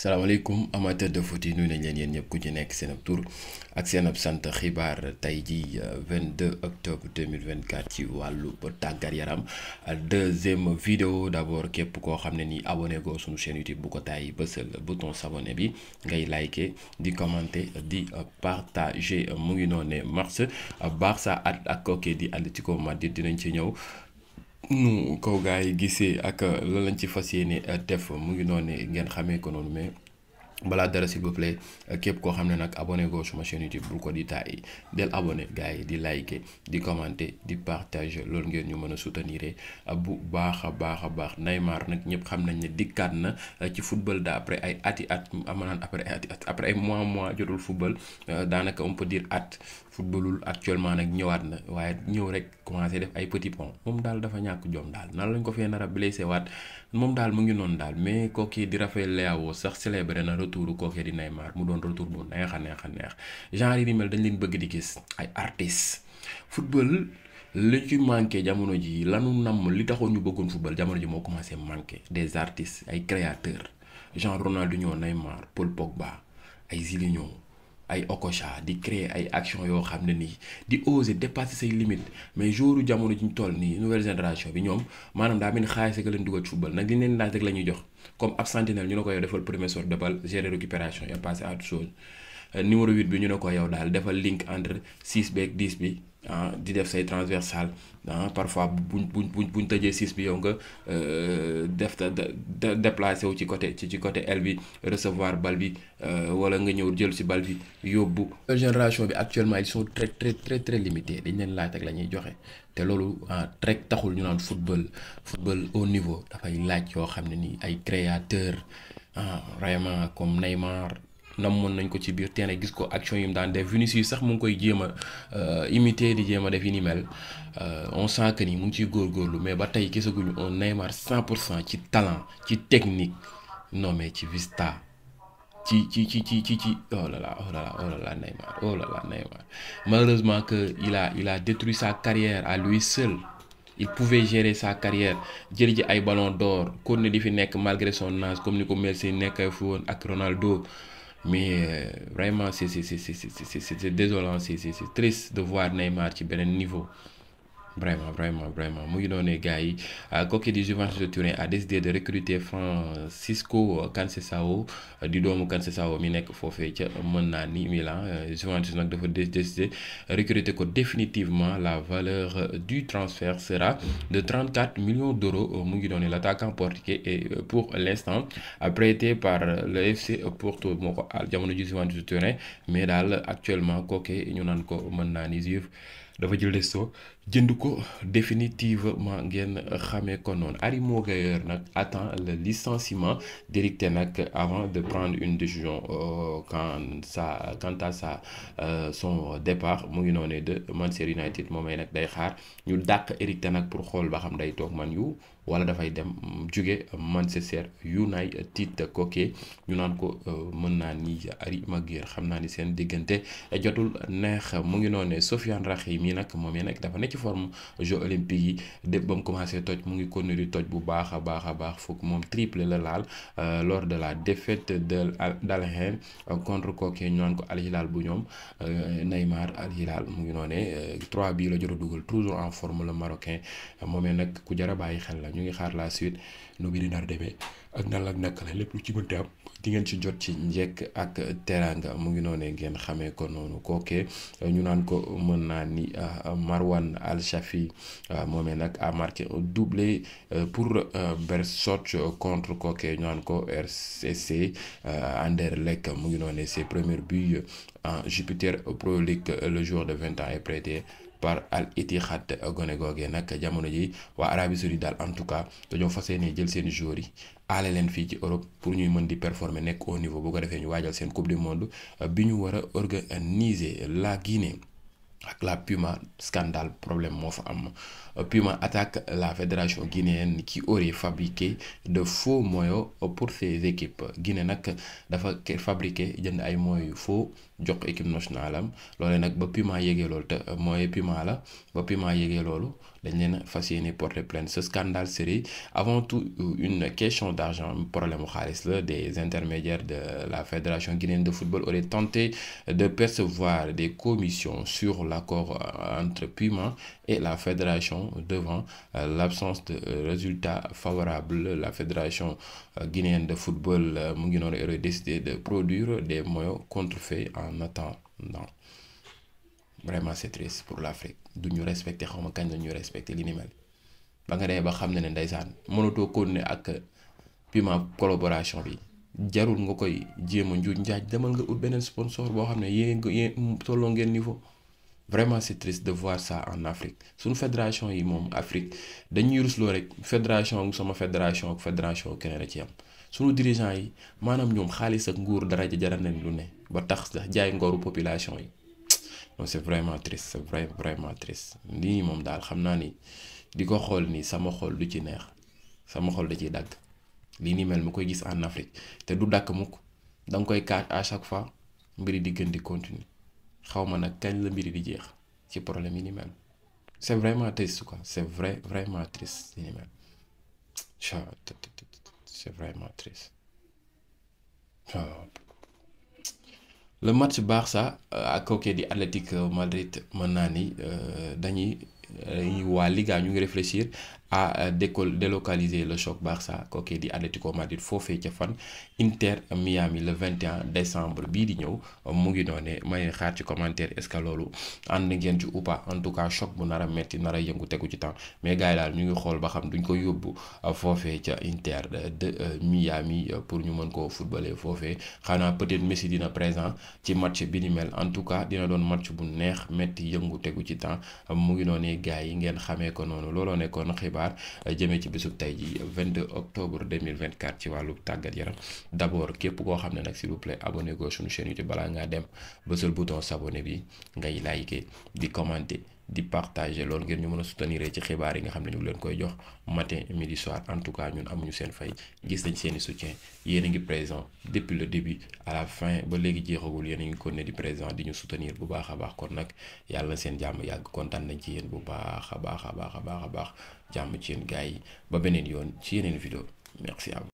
salaamaaleykum amateur de foot yi nuyu nañ leen yéen ñëpp ku ci nekk seen ab tur ak seen ab sant xibaar tey jii euh, 22 octobre 2024 ci wàllu tàggat yaram deuxième vidéo d' abord képp koo xam ne ni abonné goo suñu chaîne YouTube bu ko tàyyi bësal bouton s'abonner bi ngay liker di commenter di partager mu ngi noonu ne baax Barça at ak kooke di Atlético Madrid dinañ ci ñëw. nu ko gars yi gisee ak lan lañ ci fas yéene euh, def mu ngi noon noonu ngeen xamee ko noonu mais balaa dara s'il vous plaît euh, képp koo xam ne nag abonné goo suma chaîne YouTube bul ko di taay del abonné yi di liker di commenter di partager loolu ngeen ñu mën a soutenir euh, bu baax a baax a baax Neymar nag ñëpp xam nañ ne dikkaat na euh, ci football da après ay ati at amanaan après ay ati at après ay mois mois jotul football daanaka on peut dire at footballul actuellement nag ñëwaat na waaye ñëw rek commencé def ay petit pont moom daal dafa ñàkk jom daal nan lañ ko fee nar a blessé waat moom daal mu ngi noonu daal mais kooku di Rafael Leao sax célébré na retour kooku di Neymar mu doon retour bu neex a neex a neex genre yi ni mel dañ leen bëgg di gis ay artistes football li ci manqué jamono ji lanu namm li taxoon ñu bëggoon football jamono ji moo commencé manqué des artistes ay créateurs genre Ronaldinho Neymar Paul ba ay Zilinho. ay okocha di créer ay action yoo xam ne nii di oser dépasser say limites mais jouru jamono ji ñu toll nii nouvelle génération bi ñoom maanaam daa mel ni xaalis rek lañ dugal ci nag li ñu leen laaj jox comme absentinelle ñu ne ko defal premier sort de balle récupération et passer à autre Euh, numéro 8 bi ñu ne ko yow daal defal link entre 6 beeg 10 bi ah, di def say transversal ah parfois buñ buñ buñ buñ tëjee 6 bi yow nga euh, def ta déplacé wu ci côté ci ci côté L bi recevoir bal bi euh, wala nga ñëw jël si bal bi yóbbu. génération bi actuellement ils sont très très très très dañ leen laaj ak la joxe te loolu ah, rek taxul ñu naan football football au niveau dafay laaj yoo xam ne nii ay créateur ah vraiment comme Neymar. namoon nañ ko ci biir terrain gis ko action yi mu daan def Vinicius sax mu ngi koy jéem a euh, imiter di jéem a def yi ni mel euh, on sent que ni mu ngi ciy góorgóorlu mais ba tey gisaguñu un Neymar 100 pour cent ci talent ci technique non mais ci vista ci ci ci ci ci ci oh là là oh, oh, oh que il a il a détruit sa carrière sa carrière jël ay ballon d'or kon ne di fi nekk malgré son âge comme ni ko Messi nekk fi woon ak Ronaldo mais euh, vraiment c'est c'est c'est c'est c'est c'est désolant c'est c'est triste de voir Neymar ci beneen niveau vraiment vraiment vraiment mu ngi noonu gars yi kooku ah, di Juventus de Turin a décidé de recruter Francisco Cancelo di doomu Cancelo mi nekk foofee ca mën naa ni Milan euh, Juventus nag dafa décidé recruter ko définitivement la valeur du transfert sera de trent 34 millions d'euros euh, mu ngi doon la l'attaquant portugais et euh, pour l'instant prêté par le FC Porto moo ko jamono ji Juventus de Turin mais daal actuellement kooku ñu naan ko mën naa ni Juve dafa jël des jënd ko définitivement ngeen xamee ko noonu Harry Maguire nag attend le licenciement directé nag avant de prendre une décision euh, quant sa quant à sa euh, son départ mu ngi noonee de Manchester United ay nag day xaar ñu dàq Eric nag pour xool ba xam day toog man yu wala dafay dem jóge Manchester United kooke ñu naan ko euh, mën naa ni Harry Maguire xam naa ni seen diggante jotul neex mu ngi noonee Sofiane Rakhimi nag moom nag dafa nekk forme jeux olympiques yi dépp ba mu commencé toj mu ngi continuer di toj bu baax a baax a baax foog moom triple la laal euh, lors de la défaite de Al Hilal contre kooku ñu naan ko Al bu ñoom euh, Neymar Al Hilal mu ngi noonee euh, trois bii la jot a dugal toujours en forme le marocain moomee nag ku jar a bàyyi xel la ñu ngi xaar la suite nu ngi di nar demee ak nan la naka la lépp lu ci mënti am. di ngeen ci jot ci njekk ak teranga mu ngi noonee ngeen xamee ko noonu kookee ñu naan ko mën naa ni ah, Marwan Al Shafi ah, moomee nag a marqué un doublé euh, pour euh, Beerschot contre kookee ñu naan ko RCC euh, Anderlecht mu ngi noone ses premiers buts en Jupiter Pro League le joueur de vingt ans est prêté par al Ittihad gone googee nag jamono ji waa Arabie Saoudite daal en tout cas dañoo fas yéene jël seen joueurs yi aale leen fii ci Europe pour ñuy mën di performer nekk au niveau bu defee ñu waajal seen coupe du monde bi ñu war a organiser la Guinée. ak la Puma scandale problème moo fa am Puma attaque la fédération guinéenne qui aurait fabriqué de faux maillots pour ses équipes Guinée nag dafa fabriqué jënd ay maillots yu faux jox équipe nationale am loole nag ba Puma yëgee loolu te mooy Puma la ba Puma yëgee loolu dañ leen fas yéene porter plainte ce scandale serait avant tout euh, une question d'argent problème mu xaalis la des intermédiaires de la fédération guinéenne de football auraient tenté de percevoir des commissions sur l'accord euh, entre Puma et la fédération devant euh, l'absence de résultats favorables la fédération guinéenne de football mu ngi noonu aurait décidé de produire des maillots contrefaits en attendant vraiment c'est triste pour l'Afrique du ñu respecté xaw ma kañ la ñu respecté li ni ba nga demee ba xam ne ne ndeysaan mënatoo continuer ak piment collaboration bi jarul nga koy jéem a njuuj njaaj demal nga ut beneen sponsor boo xam ne yéen yéen tolloo ngeen niveau vraiment c'est triste de voir ça en Afrique suñu fédération yi moom Afrique dañuy rusloo rek fédération sama fédération ak fédération keneen a ci am suñu dirigeant yi maanaam ñoom xaalis ak nguur daraja jaral nañ lu ne ba tax sax jaay ngooru population yi Oh, c' est vraiment trice c' est vrai vraiment triste lii moom daal xam naa ni di ko xool nii sama xool du ci neex sama xool da ciy dagg lii ni mel mu koy gis en Afrique te du dàkk mukk da nga koy kaaj à chaque fois mbiri di gën di continuer xaw ma nag kañ la mbiri di jeex ci problème yi ni mel c' est vraiment triste quoi c' est vrai vraiment trice yi ni mel c' est vraiment triste ah. le match sax euh, ak kooku di Atlético Madrid mën naa ni euh, dañuy euh, waa Liga ñu ngi réfléchir a euh, délocalisé le choc Barça kooku di Atlético Madrid foofe ca fan Inter Miami le 21 décembre bii di ñëw mu ngi noone may xaar ci commentaire est-ce que loolu ànd ngeen ci ou pas en tout cas choc bu nar a metti nar a yëngu tegu ci temps mais gars yi daal ñu ngi xool ba xam duñ ko yóbbu euh, foofee ca Inter de euh, Miami pour ñu mën koo footballer foofe xanaa peut-être Messi dina présent ci match bi ni mel en tout cas dina doon match bu neex metti yëngu tegu ci temps mu ngi noone gars yi ngeen xamee ko noonu looloo nekkoon xibaar. xibaar euh, jëmee ci bisub tey ji 22 octobre 2024 ci wàllu tàggat yaram d' abord képp koo xam ne nag s'il vous plaît abonné ko suñu chaîne YouTube balaa ngaa dem bësal bouton s'abonner bi ngay liker di commenter di partager loolu ngeen ñu mën a soutenir ci xibaar yi nga xam ne ñu ngi leen koy jox matin midi soir en tout cas ñun amuñu seen fay gis nañ seen i soutien yéen a ngi présent depuis le début à la fin ba léegi jeexagul yéen a ngi ne di présent di ñu soutenir bu baax a baax kon nag yàlla seen jàmm yàgg kontaan nañ ci yéen bu baax a baax a baax a baax a jàmm ci yéen gars yi ba beneen yoon ci yeneen vidéo merci à